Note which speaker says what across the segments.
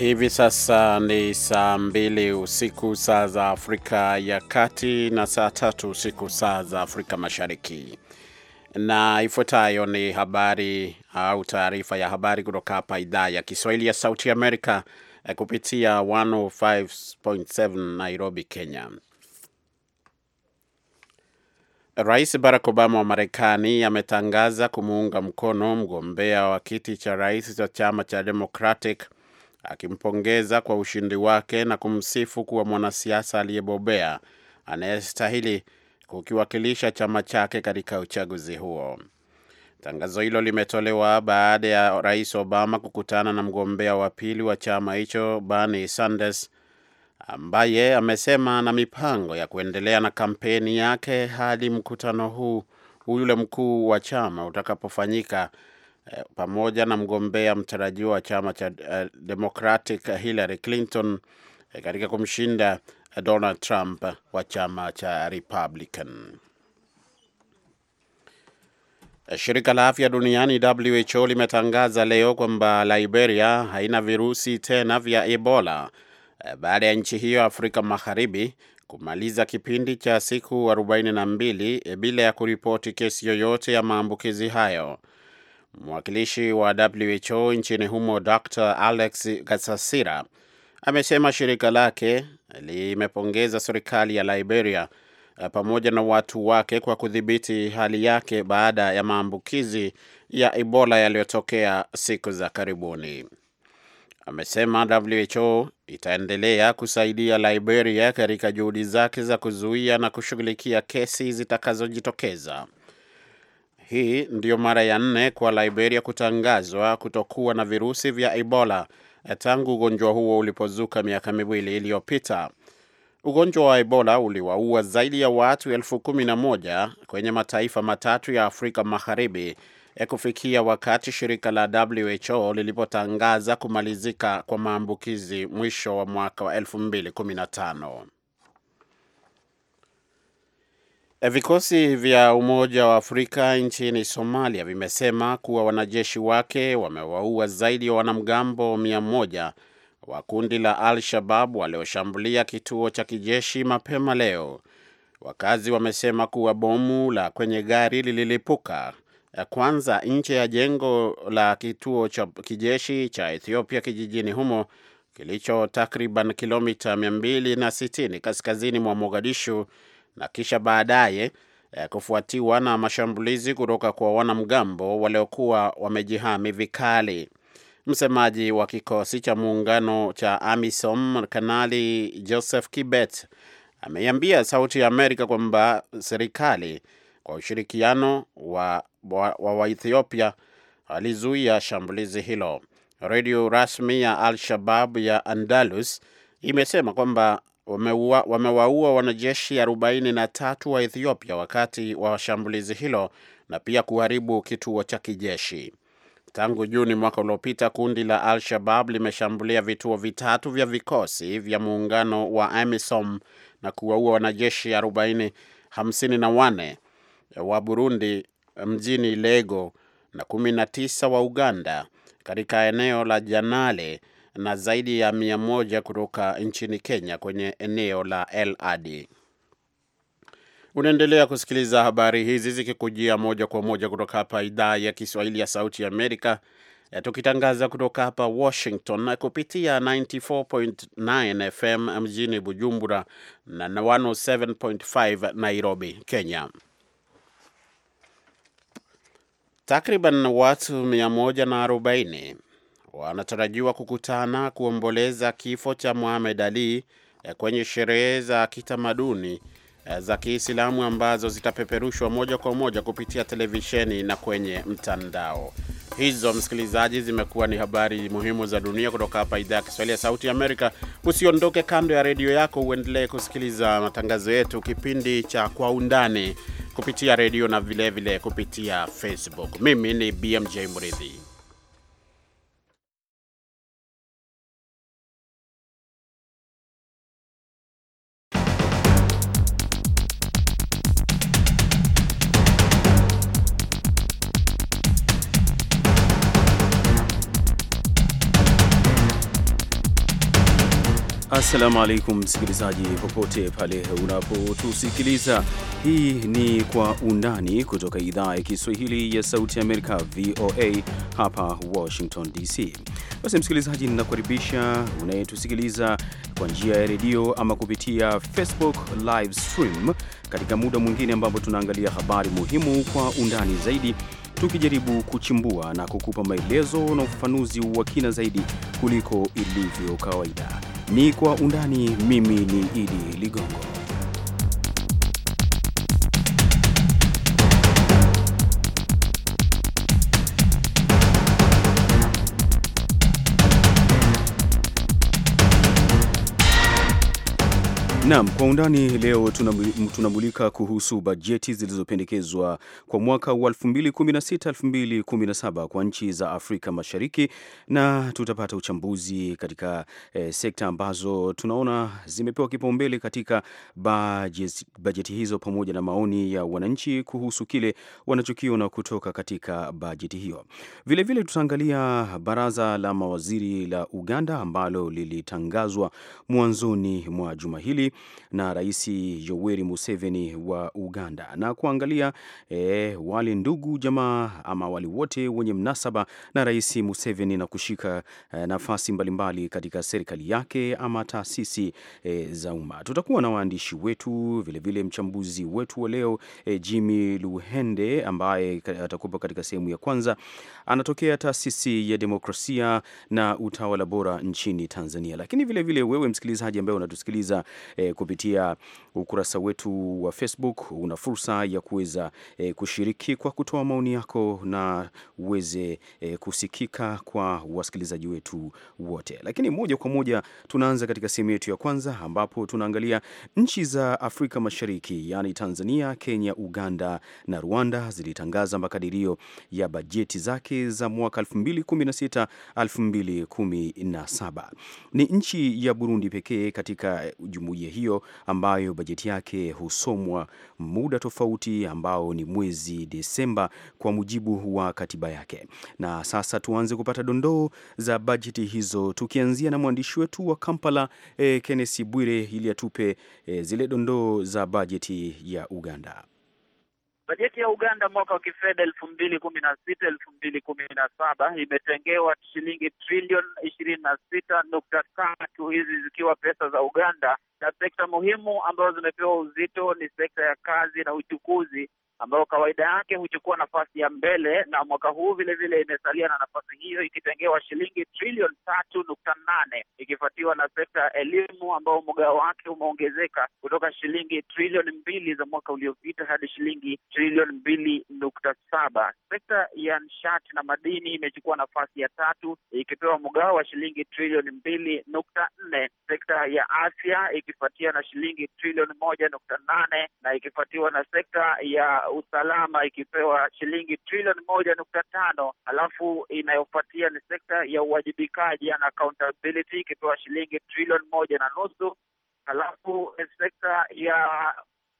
Speaker 1: Hivi sasa ni saa mbili usiku saa za Afrika ya Kati na saa tatu usiku saa za Afrika Mashariki, na ifuatayo ni habari au taarifa ya habari kutoka hapa idhaa ya Kiswahili ya Sauti Amerika eh, kupitia 105.7 Nairobi, Kenya. Rais Barack Obama wa Marekani ametangaza kumuunga mkono mgombea wa kiti cha rais cha chama cha Democratic akimpongeza kwa ushindi wake na kumsifu kuwa mwanasiasa aliyebobea anayestahili kukiwakilisha chama chake katika uchaguzi huo. Tangazo hilo limetolewa baada ya Rais Obama kukutana na mgombea wa pili wa chama hicho Bernie Sanders, ambaye amesema ana mipango ya kuendelea na kampeni yake hadi mkutano huu yule mkuu wa chama utakapofanyika Eh, pamoja na mgombea mtarajiwa wa chama cha eh, Democratic Hillary Clinton eh, katika kumshinda Donald Trump wa chama cha Republican. Shirika la Afya Duniani WHO limetangaza leo kwamba Liberia haina virusi tena vya Ebola baada ya nchi hiyo Afrika Magharibi kumaliza kipindi cha siku 42 bila ya kuripoti kesi yoyote ya maambukizi hayo. Mwakilishi wa WHO nchini humo Dr Alex Gasasira amesema shirika lake limepongeza serikali ya Liberia eh, pamoja na watu wake kwa kudhibiti hali yake baada ya maambukizi ya Ebola yaliyotokea siku za karibuni. Amesema WHO itaendelea kusaidia Liberia katika juhudi zake za kuzuia na kushughulikia kesi zitakazojitokeza. Hii ndiyo mara ya nne kwa Liberia kutangazwa kutokuwa na virusi vya Ebola eh, tangu ugonjwa huo ulipozuka miaka miwili iliyopita. Ugonjwa wa Ebola uliwaua zaidi ya watu elfu kumi na moja kwenye mataifa matatu ya Afrika Magharibi ya eh, kufikia wakati shirika la WHO lilipotangaza kumalizika kwa maambukizi mwisho wa mwaka wa 2015. Eh, vikosi vya Umoja wa Afrika nchini Somalia vimesema kuwa wanajeshi wake wamewaua zaidi ya wanamgambo mia moja wa kundi la Al-Shabab walioshambulia kituo cha kijeshi mapema leo. Wakazi wamesema kuwa bomu la kwenye gari lililipuka eh, kwanza nje ya jengo la kituo cha kijeshi cha Ethiopia kijijini humo kilicho takriban kilomita 260 kaskazini mwa Mogadishu na kisha baadaye eh, kufuatiwa na mashambulizi kutoka kwa wanamgambo waliokuwa wamejihami vikali. Msemaji wa kikosi cha muungano cha AMISOM Kanali Joseph Kibet ameiambia Sauti ya Amerika kwamba serikali kwa ushirikiano wa Waethiopia wa, wa alizuia shambulizi hilo. Redio rasmi ya Al Shabab ya Andalus imesema kwamba wamewaua wanajeshi 43 wa Ethiopia wakati wa shambulizi hilo na pia kuharibu kituo cha kijeshi. Tangu Juni mwaka uliopita, kundi la Al-Shabab limeshambulia vituo vitatu vya vikosi vya muungano wa AMISOM na kuwaua wanajeshi 40 54 wa Burundi mjini Lego na 19 wa Uganda katika eneo la Janale na zaidi ya mia moja kutoka nchini Kenya kwenye eneo la LRD. Unaendelea kusikiliza habari hizi zikikujia moja kwa moja kutoka hapa idhaa ya Kiswahili ya Sauti Amerika, tukitangaza kutoka hapa Washington na kupitia 94.9 FM mjini Bujumbura na 107.5 Nairobi, Kenya. Takriban watu 140 wanatarajiwa kukutana kuomboleza kifo cha Muhamed Ali eh, kwenye sherehe za kitamaduni eh, za Kiislamu ambazo zitapeperushwa moja kwa moja kupitia televisheni na kwenye mtandao. Hizo msikilizaji, zimekuwa ni habari muhimu za dunia kutoka hapa idhaa ya Kiswahili ya Sauti Amerika. Usiondoke kando ya redio yako, uendelee kusikiliza matangazo yetu, kipindi cha Kwa Undani kupitia redio na vilevile vile kupitia Facebook. Mimi ni BMJ Mridhi.
Speaker 2: Assalamu alaikum msikilizaji, popote pale unapotusikiliza. Hii ni Kwa Undani kutoka idhaa ya Kiswahili ya Sauti ya Amerika, VOA hapa Washington DC. Basi msikilizaji, ninakukaribisha unayetusikiliza kwa njia ya redio ama kupitia Facebook live stream katika muda mwingine ambapo tunaangalia habari muhimu kwa undani zaidi tukijaribu kuchimbua na kukupa maelezo na ufafanuzi wa kina zaidi kuliko ilivyo kawaida ni Kwa Undani. Mimi ni Idi Ligongo. Naam, kwa undani leo tunamulika kuhusu bajeti zilizopendekezwa kwa mwaka wa 2016 2017 kwa nchi za Afrika Mashariki, na tutapata uchambuzi katika eh, sekta ambazo tunaona zimepewa kipaumbele katika bajeti, bajeti hizo pamoja na maoni ya wananchi kuhusu kile wanachokiona kutoka katika bajeti hiyo. Vilevile tutaangalia baraza la mawaziri la Uganda ambalo lilitangazwa mwanzoni mwa juma hili na Rais Yoweri Museveni wa Uganda na kuangalia e, wale ndugu jamaa ama wale wote wenye mnasaba na Rais Museveni na kushika e, nafasi mbalimbali katika serikali yake ama taasisi e, za umma. Tutakuwa na waandishi wetu vilevile vile mchambuzi wetu wa leo e, Jimmy Luhende ambaye atakuwa katika sehemu ya kwanza, anatokea taasisi ya demokrasia na utawala bora nchini Tanzania, lakini vilevile vile wewe msikilizaji ambaye unatusikiliza e, kupitia ukurasa wetu wa Facebook una fursa ya kuweza e, kushiriki kwa kutoa maoni yako na uweze e, kusikika kwa wasikilizaji wetu wote. Lakini moja kwa moja tunaanza katika sehemu yetu ya kwanza ambapo tunaangalia nchi za Afrika Mashariki, yaani Tanzania, Kenya, Uganda na Rwanda zilitangaza makadirio ya bajeti zake za mwaka 2016 2017. Ni nchi ya Burundi pekee katika eh, jumuiya hiyo ambayo bajeti yake husomwa muda tofauti ambao ni mwezi Desemba kwa mujibu wa katiba yake. Na sasa tuanze kupata dondoo za bajeti hizo tukianzia na mwandishi wetu wa Kampala e, eh, Kennesi Bwire ili atupe e, zile dondoo za bajeti ya Uganda.
Speaker 3: Bajeti ya Uganda mwaka wa kifedha elfu mbili kumi na sita elfu mbili kumi na saba imetengewa shilingi trilioni ishirini na sita nukta tatu, hizi zikiwa pesa za Uganda na sekta muhimu ambazo zimepewa uzito ni sekta ya kazi na uchukuzi, ambayo kawaida yake huchukua nafasi ya mbele, na mwaka huu vilevile imesalia na nafasi hiyo ikitengewa shilingi trilioni tatu nukta nane ikifuatiwa na sekta ya elimu ambao mgao wake umeongezeka kutoka shilingi trilioni mbili za mwaka uliopita hadi shilingi trilioni mbili nukta saba. Sekta ya nishati na madini imechukua nafasi ya tatu ikipewa mgao wa shilingi trilioni mbili nukta nne sekta ya afya ikifuatia na shilingi trilioni moja nukta nane na ikifuatiwa na sekta ya usalama ikipewa shilingi trilioni moja nukta tano alafu inayofuatia ni sekta ya uwajibikaji and accountability ikipewa shilingi trilioni moja na nusu alafu sekta ya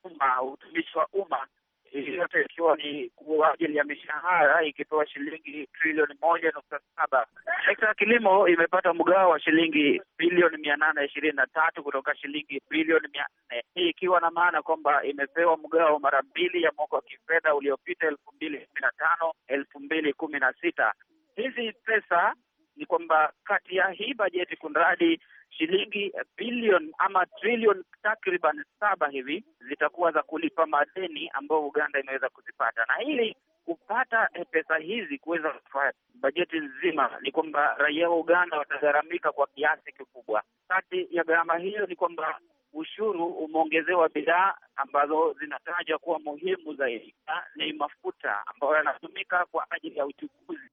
Speaker 3: umma, utumishi wa umma hii yote ikiwa ni kwa ajili ya mishahara ikipewa shilingi trilioni moja nukta saba. Sekta ya kilimo imepata mgao wa shilingi bilioni mia nane ishirini na tatu kutoka shilingi bilioni mia nne hii ikiwa na maana kwamba imepewa mgao mara mbili ya mwaka wa kifedha uliopita elfu mbili kumi na tano elfu mbili kumi na sita. Hizi pesa ni kwamba kati ya hii bajeti kunradi shilingi bilioni ama trilioni takriban saba hivi zitakuwa za kulipa madeni ambayo Uganda imeweza kuzipata, na ili kupata pesa hizi kuweza kufanya bajeti nzima, ni kwamba raia wa Uganda watagharamika kwa kiasi kikubwa. Kati ya gharama hiyo ni kwamba ushuru umeongezewa bidhaa ambazo zinatajwa kuwa muhimu zaidi, ni mafuta ambayo yanatumika kwa ajili ya uchukuzi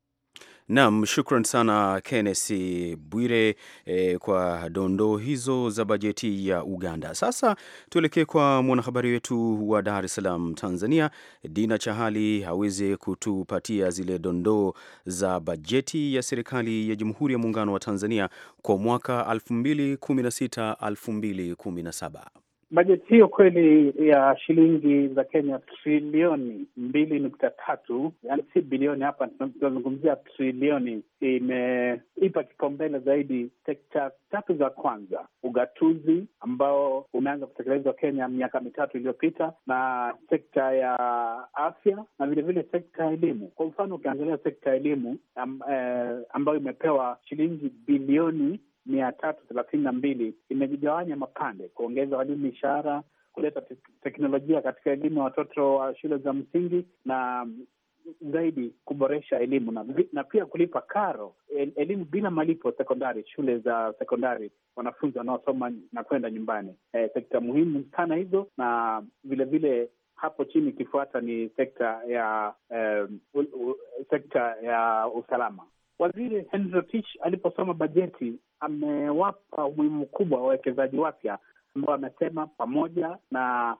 Speaker 2: Naam, shukran sana Kenneth Bwire eh, kwa dondoo hizo za bajeti ya Uganda. Sasa tuelekee kwa mwanahabari wetu wa Dar es Salaam, Tanzania, Dina Chahali aweze kutupatia zile dondoo za bajeti ya serikali ya Jamhuri ya Muungano wa Tanzania kwa mwaka 2016 2017.
Speaker 3: Bajeti hiyo kweli ya shilingi za Kenya trilioni mbili nukta tatu yani si bilioni, hapa tunazungumzia trilioni, imeipa kipaumbele zaidi sekta tatu za kwanza: ugatuzi ambao umeanza kutekelezwa Kenya miaka mitatu iliyopita, na sekta ya afya na vilevile sekta ya elimu. Kwa mfano ukiangalia sekta ya elimu eh, ambayo imepewa shilingi bilioni mia tatu thelathini na mbili imejigawanya mapande, kuongeza walimu ishara, kuleta te teknolojia katika elimu ya watoto wa shule za msingi na zaidi kuboresha elimu na, na pia kulipa karo el, elimu bila malipo sekondari, shule za sekondari, wanafunzi wanaosoma na kwenda nyumbani. E, sekta muhimu sana hizo, na vilevile hapo chini ikifuata ni sekta ya eh, u, u, sekta ya usalama. Waziri Henry Rotich aliposoma bajeti amewapa umuhimu mkubwa wawekezaji wapya ambao amesema pamoja na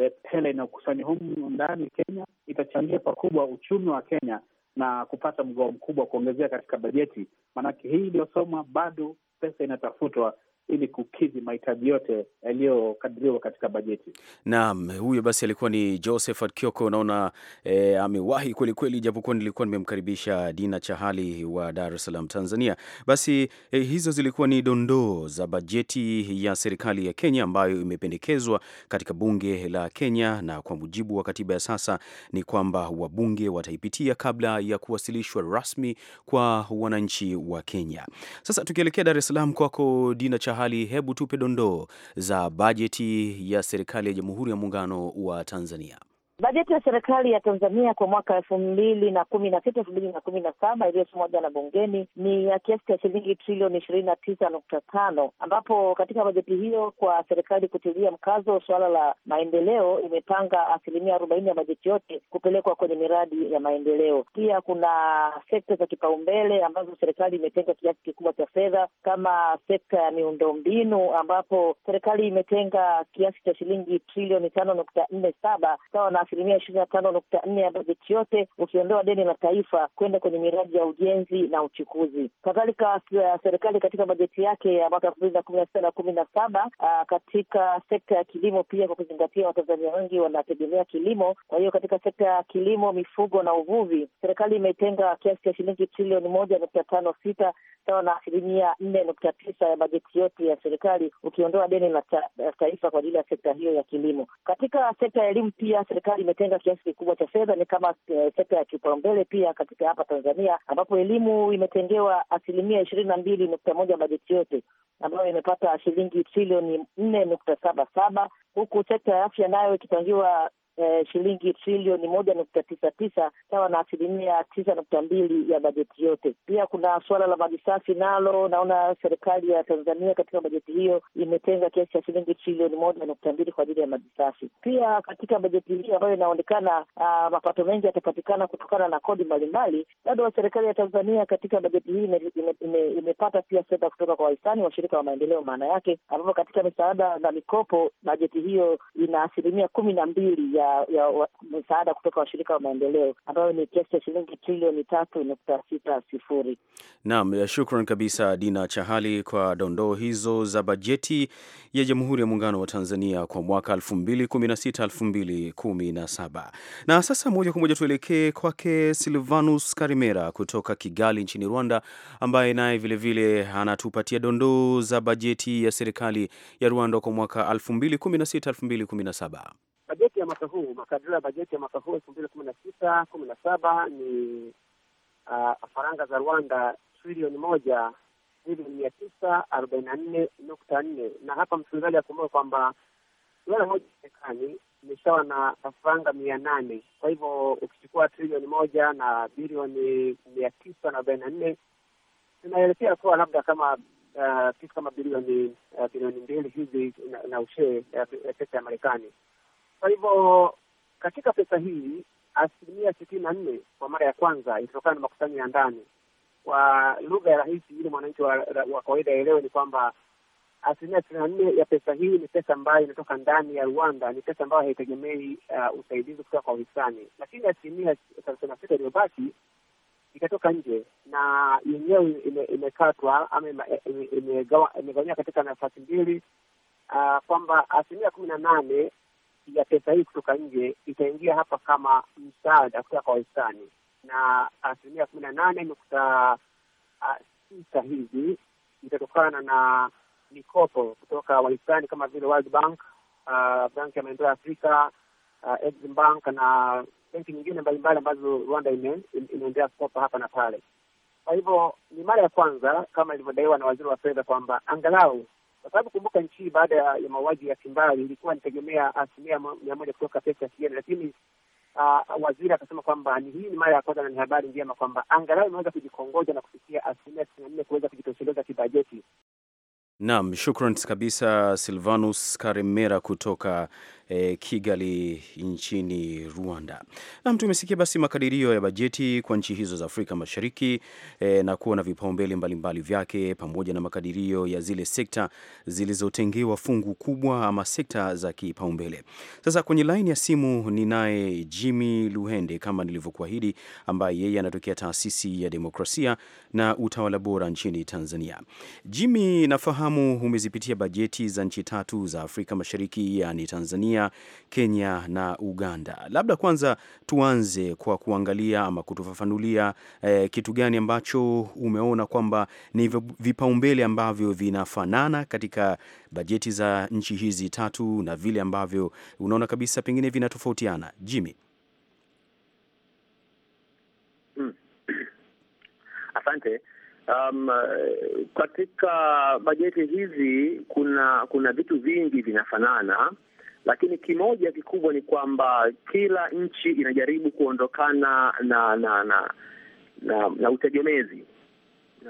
Speaker 3: eh, hela inayokusanya humu ndani Kenya itachangia pakubwa uchumi wa Kenya na kupata mgao mkubwa kuongezea katika bajeti. Maanake hii iliyosomwa bado pesa inatafutwa ili kukidhi mahitaji yote yaliyokadiriwa katika bajeti.
Speaker 2: Naam, huyo basi alikuwa ni Josephat Kioko. Naona e, eh, amewahi kwelikweli, japokuwa nilikuwa nimemkaribisha Dina Chahali wa Dar es Salaam, Tanzania. Basi e, hizo zilikuwa ni dondoo za bajeti ya serikali ya Kenya ambayo imependekezwa katika bunge la Kenya, na kwa mujibu wa katiba ya sasa ni kwamba wabunge wataipitia kabla ya kuwasilishwa rasmi kwa wananchi wa Kenya. Sasa tukielekea Dar es Salaam, kwako Dina Chahali hali, hebu tupe dondoo za bajeti ya serikali ya Jamhuri ya Muungano wa Tanzania.
Speaker 4: Bajeti ya serikali ya Tanzania kwa mwaka elfu mbili na kumi na sita elfu mbili na kumi na saba iliyosomwa jana bungeni ni ya kiasi cha shilingi trilioni ishirini na tisa nukta tano ambapo katika bajeti hiyo kwa serikali kutilia mkazo suala la maendeleo imepanga asilimia arobaini ya bajeti yote kupelekwa kwenye miradi ya maendeleo. Pia kuna sekta za kipaumbele ambazo serikali imetenga kiasi kikubwa cha fedha kama sekta ya miundombinu ambapo serikali imetenga kiasi cha shilingi trilioni tano nukta nne saba sawa na asilimia ishirini na tano nukta nne ya bajeti yote, ukiondoa deni la taifa kwenda kwenye miradi ya ujenzi na uchukuzi. Kadhalika, eh, serikali katika bajeti yake ya mwaka elfu mbili na kumi na sita na kumi na saba ah, katika sekta ya kilimo pia, kwa kuzingatia Watanzania wengi wanategemea kilimo. Kwa hiyo katika sekta ya kilimo, mifugo na uvuvi, serikali imetenga kiasi cha shilingi trilioni moja nukta tano sita sawa na asilimia nne nukta tisa ya bajeti yote ya serikali, ukiondoa deni la eh, taifa kwa ajili ya sekta hiyo ya kilimo. Katika sekta ya elimu pia serikali imetenga kiasi kikubwa cha fedha, ni kama eh, sekta ya kipaumbele pia katika hapa Tanzania, ambapo elimu imetengewa asilimia ishirini na mbili nukta moja bajeti yote ambayo imepata shilingi trilioni nne nukta saba saba huku sekta ya afya nayo ikipangiwa eh, shilingi trilioni moja nukta tisa tisa sawa na asilimia tisa nukta mbili ya bajeti yote. Pia kuna suala la maji safi, nalo naona serikali ya Tanzania katika bajeti hiyo imetenga kiasi cha shilingi trilioni moja nukta mbili kwa ajili ya maji safi. Pia katika bajeti hii ambayo inaonekana ah, mapato mengi yatapatikana kutokana na kodi mbalimbali, bado serikali ya Tanzania katika bajeti hii ime, ime, ime, imepata pia fedha kutoka kwa wahisani washirika wa maendeleo, maana yake ambapo katika misaada na mikopo bajeti hiyo ina asilimia kumi na mbili ya ya, ya msaada kutoka washirika wa maendeleo ambayo ni kiasi cha shilingi trilioni tatu nukta sita sifuri.
Speaker 2: Naam, shukran kabisa Dina Chahali kwa dondoo hizo za bajeti ya Jamhuri ya Muungano wa Tanzania kwa mwaka 2016 2017. Na sasa moja kwa moja tuelekee kwake Silvanus Karimera kutoka Kigali nchini Rwanda, ambaye naye vilevile anatupatia dondoo za bajeti ya serikali ya Rwanda kwa mwaka 2016 2017
Speaker 3: bajeti ya mwaka huu, makadirio ya bajeti ya mwaka huu elfu mbili kumi na sita kumi na saba ni uh, faranga za Rwanda trilioni moja bilioni mia tisa arobaini na nne nukta nne na hapa msikilizaji akumbuka kwamba dola moja Marekani ni sawa na faranga mia nane kwa hivyo ukichukua trilioni moja na bilioni mia tisa na arobaini na nne inaelekea kuwa labda kama uh, kitu uh, kama bilioni uh, bilioni mbili hivi na, na ushee uh, pesa ya Marekani. Kwa hivyo katika pesa hii asilimia sitini na nne kwa mara ya kwanza ilitokana na makusanyo ya ndani. Kwa lugha ya rahisi, ili mwananchi wa, wa kawaida aelewe ni kwamba asilimia sitini na nne ya pesa hii ni pesa ambayo inatoka ndani ya Rwanda, ni pesa ambayo haitegemei uh, usaidizi kutoka kwa uhisani lakini asilimia thelathini na sita iliyobaki ikatoka nje
Speaker 4: na yenyewe
Speaker 3: imekatwa ama e, imegawanywa katika nafasi mbili, uh, kwamba asilimia kumi na nane ya pesa hii kutoka nje itaingia hapa kama msaada kutoka kwa wahisani, na asilimia kumi na nane nukta ah, sita hivi itatokana na mikopo kutoka wahisani kama vile World Bank, uh, Bank ya Maendeleo ya Afrika, uh, Exim Bank na benki nyingine mbalimbali ambazo Rwanda imeendelea kukopa hapa na pale. Kwa hivyo ni mara ya kwanza kama ilivyodaiwa na waziri wa fedha kwamba angalau kwa sababu kumbuka, nchi hii baada ya mauaji ya kimbari ilikuwa nitegemea asilimia mia moja kutoka pesa ya kigeni, lakini uh, waziri akasema kwamba ni hii ni mara ya kwanza na ni habari njema kwamba angalau imeweza kujikongoja na kufikia asilimia tisini na nne kuweza kujitosheleza kibajeti.
Speaker 2: Naam, shukran kabisa Silvanus Karimera kutoka e, Kigali nchini Rwanda. Nam, tumesikia basi makadirio ya bajeti kwa nchi hizo za Afrika Mashariki e, na kuwa na vipaumbele mbalimbali vyake pamoja na makadirio ya zile sekta zilizotengewa fungu kubwa ama sekta za kipaumbele. Sasa kwenye laini ya simu ninaye Jimmy Luhende kama nilivyokuahidi, ambaye yeye anatokea taasisi ya demokrasia na utawala bora nchini Tanzania. Jimmy, nafahamu umezipitia bajeti za nchi tatu za Afrika Mashariki, yani Tanzania Tanzania, Kenya na Uganda. Labda kwanza tuanze kwa kuangalia ama kutufafanulia eh, kitu gani ambacho umeona kwamba ni vipaumbele ambavyo vinafanana katika bajeti za nchi hizi tatu na vile ambavyo unaona kabisa pengine vinatofautiana, Jimmy?
Speaker 3: Hmm. Asante. Um, eh, katika bajeti hizi kuna kuna vitu vingi vinafanana lakini kimoja kikubwa ni kwamba kila nchi inajaribu kuondokana na na na na, na, na utegemezi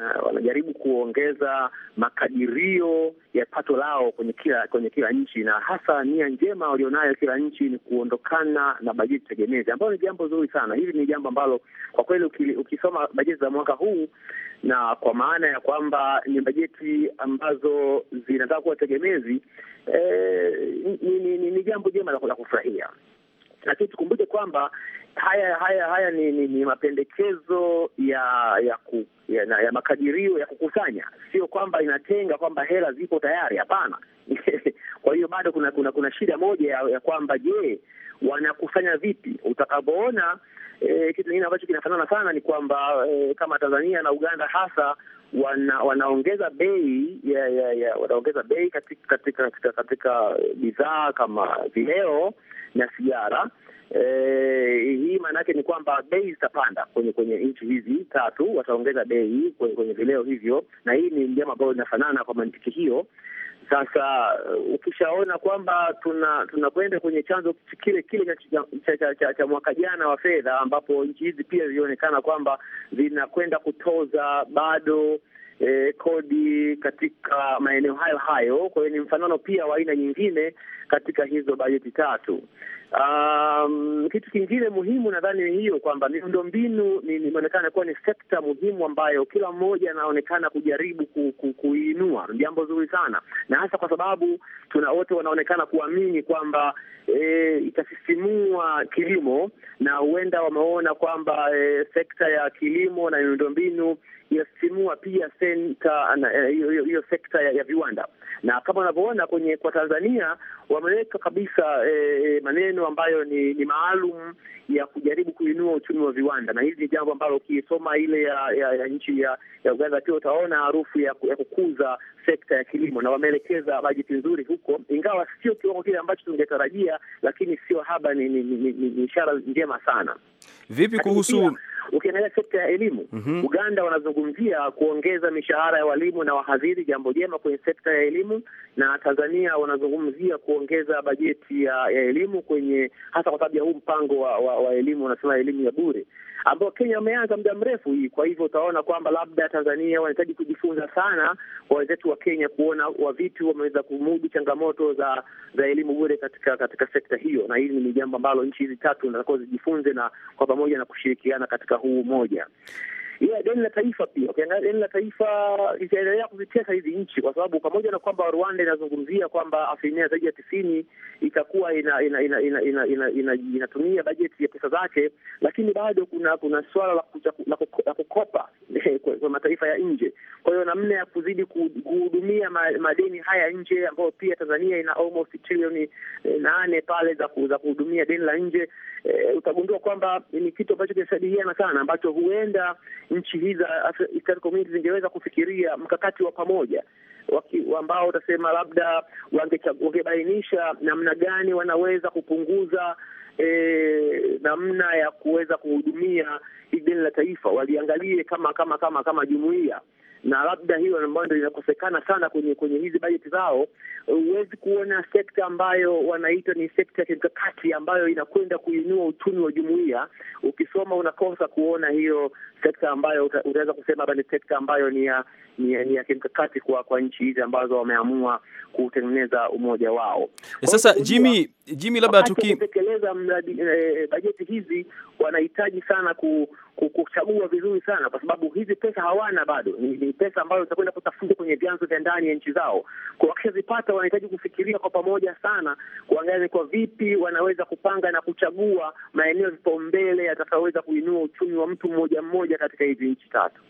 Speaker 3: uh, wanajaribu kuongeza makadirio ya pato lao kwenye kila kwenye kila nchi, na hasa nia njema walionayo kila nchi ni kuondokana na bajeti tegemezi, ambayo ni jambo zuri sana. Hili ni jambo ambalo kwa kweli ukisoma bajeti za mwaka huu, na kwa maana ya kwamba ni bajeti ambazo zinataka kuwa tegemezi, eh, ni, ni, ni, ni jambo jema la kufurahia lakini tukumbuke kwamba haya haya haya ni, ni, ni mapendekezo ya ya, ku, ya, na, ya makadirio ya kukusanya, sio kwamba inatenga kwamba hela zipo tayari, hapana. Kwa hiyo bado kuna kuna kuna shida moja ya, ya kwamba je, wanakusanya vipi? Utakapoona eh, kitu kingine ambacho kinafanana sana ni kwamba eh, kama Tanzania na Uganda hasa wana, wanaongeza bei ya, ya, ya, wanaongeza bei katika katika katika, katika bidhaa kama vileo na sigara. Eh, hii maana yake ni kwamba bei zitapanda kwenye kwenye nchi hizi tatu, wataongeza bei kwenye kwenye vileo hivyo, na hii ni jambo ambayo linafanana kwa mantiki hiyo. Sasa eh, ukishaona kwamba tuna tunakwenda kwenye chanzo kile kile cha, cha, cha, cha mwaka jana wa fedha, ambapo nchi hizi pia zilionekana kwamba zinakwenda kutoza bado e, kodi katika maeneo hayo hayo. Kwa hiyo ni mfanano pia wa aina nyingine katika hizo bajeti tatu. Um, kitu kingine muhimu nadhani ni hiyo kwamba miundombinu imeonekana kuwa ni sekta muhimu ambayo kila mmoja anaonekana kujaribu ku, ku, kuinua. Jambo zuri sana, na hasa kwa sababu tuna wote wanaonekana kuamini kwamba e, itasisimua kilimo na huenda wameona kwamba e, sekta ya kilimo na miundombinu yasisimua pia senta eh, hiyo sekta ya, ya viwanda, na kama unavyoona kwenye kwa Tanzania wameweka kabisa e, maneno ambayo ni, ni maalum ya kujaribu kuinua uchumi wa viwanda, na hili ni jambo ambalo ukisoma ile ya, ya, ya nchi ya, ya Uganda pia utaona harufu ya, ya kukuza sekta ya kilimo, na wameelekeza bajeti nzuri huko, ingawa sio kiwango kile ambacho tungetarajia, lakini sio haba, ni, ni, ni, ni ishara njema sana.
Speaker 2: Vipi kuhusu
Speaker 3: Ukiangalia sekta ya elimu mm -hmm. Uganda wanazungumzia kuongeza mishahara ya walimu na wahadhiri, jambo jema kwenye sekta ya elimu, na Tanzania wanazungumzia kuongeza bajeti ya, ya elimu kwenye hasa kwa sababu ya huu mpango wa, wa, wa elimu wanasema elimu ya bure ambao Kenya wameanza muda mrefu hii. Kwa hivyo utaona kwamba labda Tanzania wanahitaji kujifunza sana kwa wenzetu wa Kenya, kuona wavitu wameweza kumudu changamoto za za elimu bure katika katika sekta hiyo, na hili ni jambo ambalo nchi hizi tatu zinatakiwa zijifunze na kwa pamoja na kushirikiana katika huu moja yeah, deni la taifa pia. Ukiangalia deni la taifa litaendelea kuzitesa hizi nchi, kwa sababu pamoja na kwamba Rwanda inazungumzia kwamba asilimia zaidi ya tisini itakuwa inatumia ina, ina, ina, ina, ina, ina bajeti ya pesa zake, lakini bado kuna kuna swala la, la, la kukopa kwa mataifa ya nje. Kwa hiyo namna ya kuzidi kuhudumia madeni haya nje, ambayo pia Tanzania ina almost trilioni eh, nane pale za kuhudumia deni la nje, eh, utagundua kwamba ni kitu ambacho kinasaidiana sana ambacho huenda nchi hii za Community zingeweza kufikiria mkakati wa pamoja ambao utasema labda wangebainisha namna gani wanaweza kupunguza E, namna ya kuweza kuhudumia hili deni la taifa waliangalie kama kama kama kama jumuiya na labda hiyo ambayo ndio inakosekana sana kwenye kwenye hizi bajeti zao. Huwezi kuona sekta ambayo wanaita ni sekta ya kimkakati ambayo inakwenda kuinua uchumi wa jumuiya. Ukisoma unakosa kuona hiyo sekta ambayo utaweza kusema hapa ni sekta ambayo ni ya ni ya, ya kimkakati kwa kwa nchi hizi ambazo wameamua kutengeneza umoja wao. Sasa Jimmy, Jimmy labda tukitekeleza mradi eh, eh bajeti hizi wanahitaji sana ku, ku, kuchagua vizuri sana, kwa sababu hizi pesa hawana bado. Ni, ni pesa ambazo zitakwenda kutafuta kwenye vyanzo vya ndani ya nchi zao. Kwa wakishazipata, wanahitaji kufikiria kwa pamoja sana, kuangalia kwa vipi wanaweza kupanga na kuchagua maeneo vipaumbele yatakayoweza kuinua uchumi wa mtu mmoja mmoja katika hizi nchi tatu.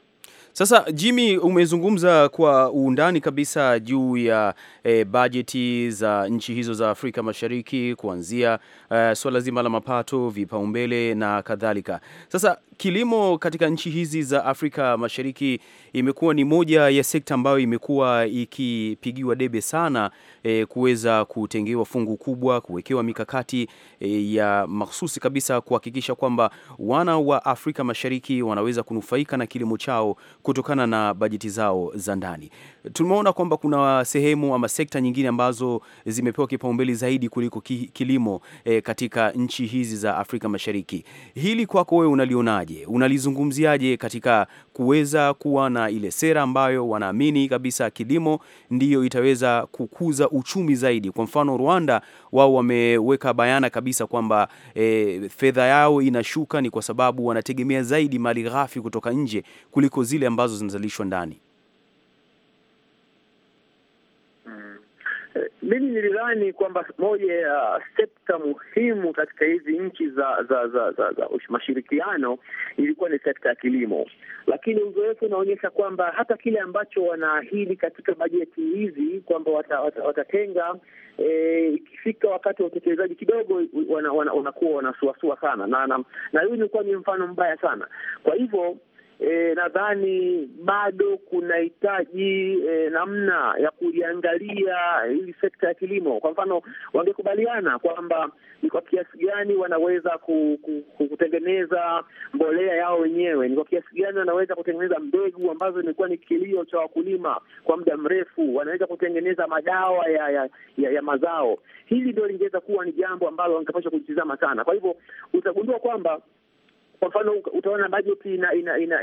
Speaker 2: Sasa Jimmy, umezungumza kwa undani kabisa juu ya e, bajeti za nchi hizo za Afrika Mashariki kuanzia e, swala zima la mapato, vipaumbele na kadhalika. Sasa kilimo katika nchi hizi za Afrika Mashariki imekuwa ni moja ya sekta ambayo imekuwa ikipigiwa debe sana e, kuweza kutengewa fungu kubwa, kuwekewa mikakati e, ya mahsusi kabisa kuhakikisha kwamba wana wa Afrika Mashariki wanaweza kunufaika na kilimo chao kutokana na bajeti zao za ndani. Tumeona kwamba kuna sehemu ama sekta nyingine ambazo zimepewa kipaumbele zaidi kuliko kilimo e, katika nchi hizi za Afrika Mashariki. Hili kwako wewe unaliona unalionaje, unalizungumziaje katika kuweza kuwa na ile sera ambayo wanaamini kabisa kilimo ndiyo itaweza kukuza uchumi zaidi? Kwa mfano Rwanda, wao wameweka bayana kabisa kwamba e, fedha yao inashuka ni kwa sababu wanategemea zaidi mali ghafi kutoka nje kuliko zile ambazo zinazalishwa ndani.
Speaker 3: Eh, mimi nilidhani kwamba moja ya uh, sekta muhimu katika hizi nchi za za za, za, za mashirikiano ilikuwa ni sekta ya kilimo, lakini uzoefu unaonyesha kwamba hata kile ambacho wanaahidi katika bajeti hizi kwamba watatenga ikifika wata, wata e, wakati wa utekelezaji kidogo wanakuwa wana, wanasuasua sana na, na, na, ni mfano mbaya sana kwa hivyo e, nadhani bado hitaji e, namna ya kuiangalia hili sekta ya kilimo. Kwa mfano, wangekubaliana kwamba ni kwa kiasi gani wanaweza ku, ku, ku, kutengeneza mbolea yao wenyewe, ni kwa kiasi gani wanaweza kutengeneza mbegu ambazo imekuwa ni kilio cha wakulima kwa muda mrefu, wanaweza kutengeneza madawa ya ya, ya, ya mazao. Hili ndio lingeweza kuwa ni jambo ambalo wangepaswa kulitizama sana. Kwa hivyo utagundua kwamba kwa mfano utaona bajeti inapanuka ina, ina,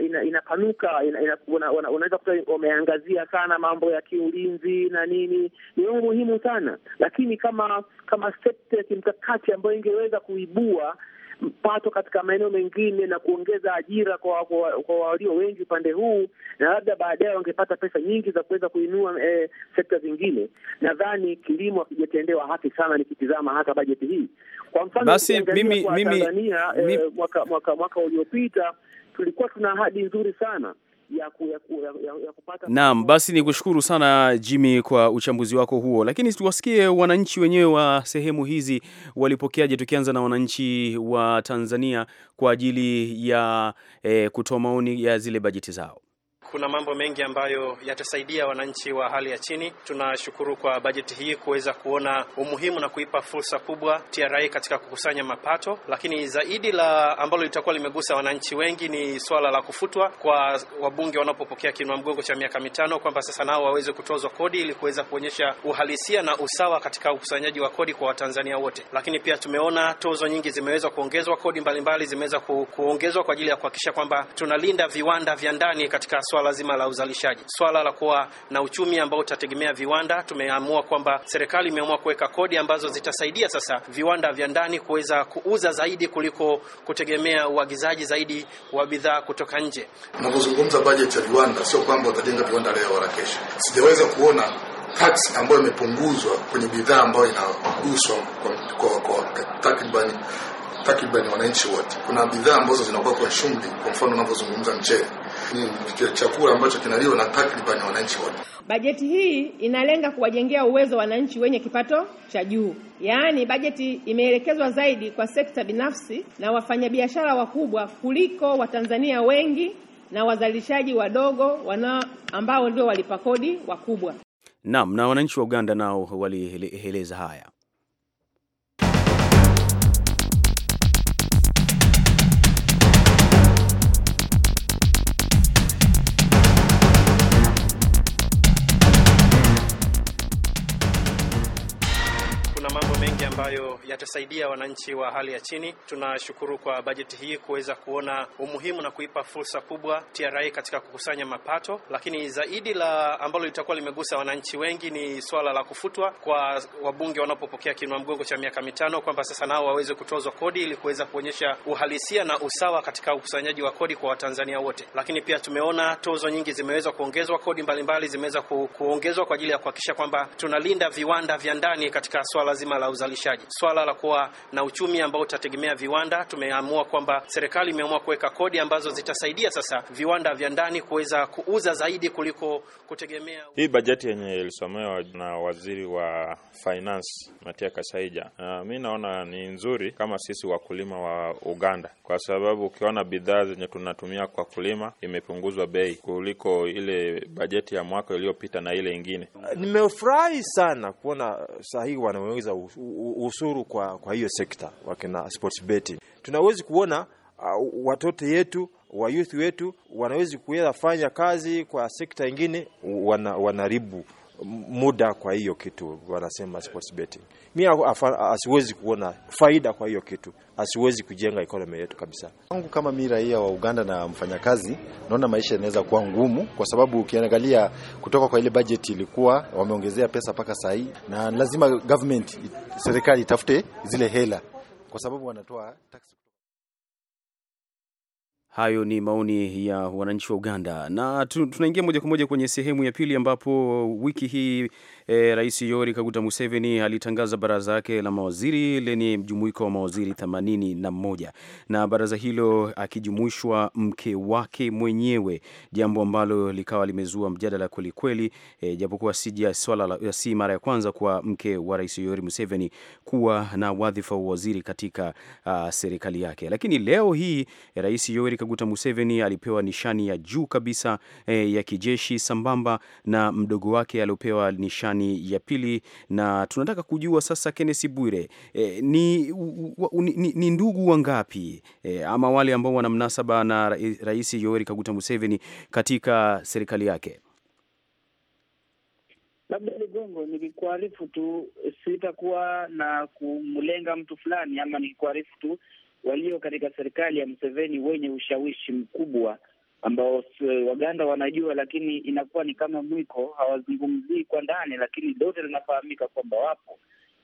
Speaker 3: ina, ina, ina, kuta wameangazia sana mambo ya kiulinzi na nini, ni mambo muhimu sana, lakini kama kama sekta ya kimkakati ambayo ingeweza kuibua mpato katika maeneo mengine na kuongeza ajira kwa kwa walio wengi upande huu, na labda baadaye wangepata pesa nyingi za kuweza kuinua eh, sekta zingine. Nadhani kilimo hakijatendewa haki sana, nikitizama hata bajeti hii. Kwa mfano basi, mimi Tanzania eh, mwaka mwaka mwaka uliopita tulikuwa tuna ahadi nzuri sana ya, ku, ya, ku, ya, ya,
Speaker 2: ya kupata. Naam, basi ni kushukuru sana Jimmy kwa uchambuzi wako huo, lakini tuwasikie wananchi wenyewe wa sehemu hizi walipokeaje, tukianza na wananchi wa Tanzania kwa ajili ya eh, kutoa maoni ya zile bajeti zao
Speaker 5: kuna mambo mengi ambayo yatasaidia wananchi wa hali ya chini. Tunashukuru kwa bajeti hii kuweza kuona umuhimu na kuipa fursa kubwa TRA katika kukusanya mapato, lakini zaidi la ambalo litakuwa limegusa wananchi wengi ni swala la kufutwa kwa wabunge wanapopokea kinua mgongo cha miaka mitano, kwamba sasa nao waweze kutozwa kodi ili kuweza kuonyesha uhalisia na usawa katika ukusanyaji wa kodi kwa Watanzania wote. Lakini pia tumeona tozo nyingi zimeweza kuongezwa, kodi mbalimbali zimeweza kuongezwa kwa ajili ya kuhakikisha kwamba tunalinda viwanda vya ndani katika swala swala zima la uzalishaji, swala la kuwa na uchumi ambao utategemea viwanda. Tumeamua kwamba serikali imeamua kuweka kodi ambazo zitasaidia sasa viwanda vya ndani kuweza kuuza zaidi kuliko kutegemea uagizaji zaidi wa bidhaa kutoka nje. Tunapozungumza bajeti ya viwanda,
Speaker 2: sio kwamba utajenga viwanda leo wala kesho. Sijaweza kuona tax ambayo imepunguzwa kwenye bidhaa ambayo inaguswa kwa, kwa, kwa takribani takriban wananchi
Speaker 5: wote. Kuna bidhaa ambazo zinakuwa kwa shughuli, kwa mfano unavyozungumza mchele lakini chakula
Speaker 2: ambacho kinaliwa na takriban wananchi wote.
Speaker 5: Bajeti hii inalenga kuwajengea uwezo wananchi wenye kipato cha juu, yaani bajeti imeelekezwa zaidi kwa sekta binafsi na wafanyabiashara wakubwa kuliko Watanzania wengi na wazalishaji wadogo wana ambao ndio walipa kodi wakubwa.
Speaker 2: Naam, na wananchi wa Uganda nao walieleza haya.
Speaker 5: itasaidia wananchi wa hali ya chini. Tunashukuru kwa bajeti hii kuweza kuona umuhimu na kuipa fursa kubwa TRA katika kukusanya mapato, lakini zaidi la ambalo litakuwa limegusa wananchi wengi ni swala la kufutwa kwa wabunge wanapopokea kinua mgongo cha miaka mitano, kwamba sasa nao waweze kutozwa kodi ili kuweza kuonyesha uhalisia na usawa katika ukusanyaji wa kodi kwa Watanzania wote. Lakini pia tumeona tozo nyingi zimeweza kuongezwa, kodi mbalimbali zimeweza ku, kuongezwa kwa ajili ya kuhakikisha kwamba tunalinda viwanda vya ndani katika swala zima la uzalishaji, swala la tutakuwa na uchumi ambao utategemea viwanda. Tumeamua kwamba serikali imeamua kuweka kodi ambazo zitasaidia sasa viwanda vya ndani kuweza kuuza zaidi kuliko kutegemea.
Speaker 1: Hii bajeti yenye ilisomewa na waziri wa finance Matia Kasaija, uh, mi naona ni nzuri kama sisi wakulima wa Uganda, kwa sababu ukiona bidhaa zenye tunatumia kwa kulima imepunguzwa bei kuliko ile bajeti ya mwaka iliyopita na ile ingine.
Speaker 5: Nimefurahi sana kuona sahihi wanaweza usuru kwa kwa, hiyo sekta wakina sports betting. Tunawezi kuona uh, watoto yetu wa youth wetu wanawezi kuweza fanya kazi kwa sekta ingine, wanaribu muda kwa hiyo kitu wanasema sports betting. Mimi asiwezi kuona faida kwa hiyo kitu, asiwezi kujenga economy yetu kabisa. Kwangu kama mimi raia wa Uganda na mfanyakazi, naona maisha yanaweza kuwa ngumu, kwa sababu ukiangalia kutoka kwa ile budget ilikuwa wameongezea pesa mpaka saa hii, na lazima
Speaker 2: government, serikali itafute zile hela,
Speaker 5: kwa sababu wanatoa tax
Speaker 2: Hayo ni maoni ya wananchi wa Uganda, na tunaingia moja kwa moja kwenye sehemu ya pili ambapo wiki hii E, Rais Yoweri Kaguta Museveni alitangaza baraza lake la mawaziri lenye mjumuiko wa mawaziri 81 na na baraza hilo akijumuishwa mke wake mwenyewe, jambo ambalo likawa limezua mjadala kwelikweli. E, japokuwa sija swala si mara ya kwanza kwa mke wa Rais Yoweri Museveni kuwa na wadhifa wa waziri katika a, serikali yake, lakini leo hii e, Rais Yoweri Kaguta Museveni alipewa nishani ya juu kabisa e, ya kijeshi sambamba na mdogo wake aliopewa nishani burudani ya pili, na tunataka kujua sasa, Kenneth Bwire, e, ni, ni, ni ndugu wangapi e, ama wale ambao wana mnasaba na Rais Yoweri Kaguta Museveni katika serikali yake?
Speaker 3: Labda Ligongo, nikikuarifu tu sitakuwa na kumlenga mtu fulani, ama nikikuarifu tu walio katika serikali ya Museveni wenye ushawishi mkubwa ambao Waganda wanajua, lakini inakuwa ni kama mwiko, hawazungumzii kwa ndani, lakini lote linafahamika kwamba wapo.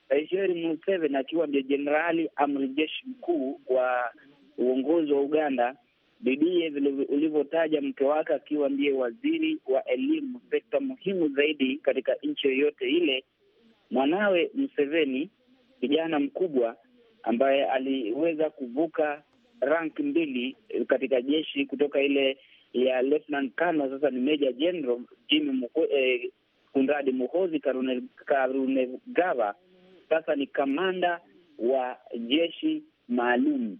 Speaker 3: Rais Yoweri Museveni akiwa ndiye jenerali amri jeshi mkuu wa uongozi wa Uganda, bidie ulivyotaja mke wake akiwa ndiye waziri wa elimu, sekta muhimu zaidi katika nchi yoyote ile. Mwanawe Museveni, kijana mkubwa ambaye aliweza kuvuka rank mbili eh, katika jeshi kutoka ile ya Lieutenant Colonel, sasa ni Major General Jimmy eh, Conrad Muhoozi Kainerugaba sasa ni kamanda wa jeshi maalum.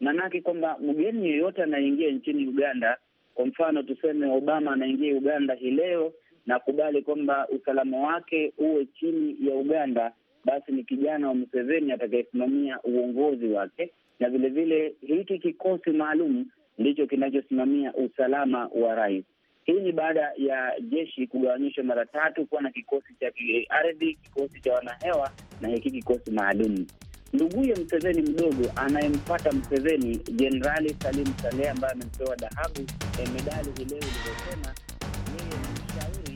Speaker 3: Maanake kwamba mgeni yeyote anaingia nchini Uganda, kwa mfano tuseme Obama anaingia Uganda hii leo na kubali kwamba usalama wake uwe chini ya Uganda, basi ni kijana wa Museveni atakayesimamia uongozi wake, na vilevile hiki kikosi maalum ndicho kinachosimamia usalama wa rais. Hii ni baada ya jeshi kugawanyishwa mara tatu kuwa na kikosi cha ardhi, kikosi cha wanahewa na hiki kikosi maalum. Nduguye Mseveni mdogo anayempata Mseveni, Jenerali Salim Saleh ambaye amepewa dhahabu eh, medali hii leo ilivyosema yeye ni
Speaker 2: mshauri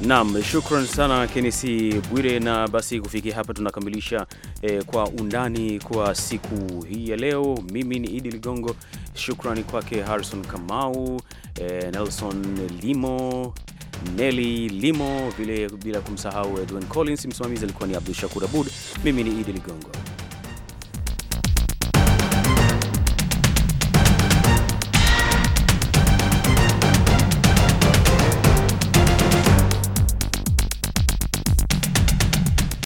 Speaker 2: Naam, shukran sana Kenisi Bwire. Na basi kufikia hapa tunakamilisha eh, kwa undani kwa siku hii ya leo. Mimi ni Idi Ligongo, shukrani kwake Harrison Kamau, eh, Nelson Limo, Neli Limo vile, bila kumsahau Edwin Collins. Msimamizi alikuwa ni Abdul Shakur Abud. Mimi ni Idi Ligongo.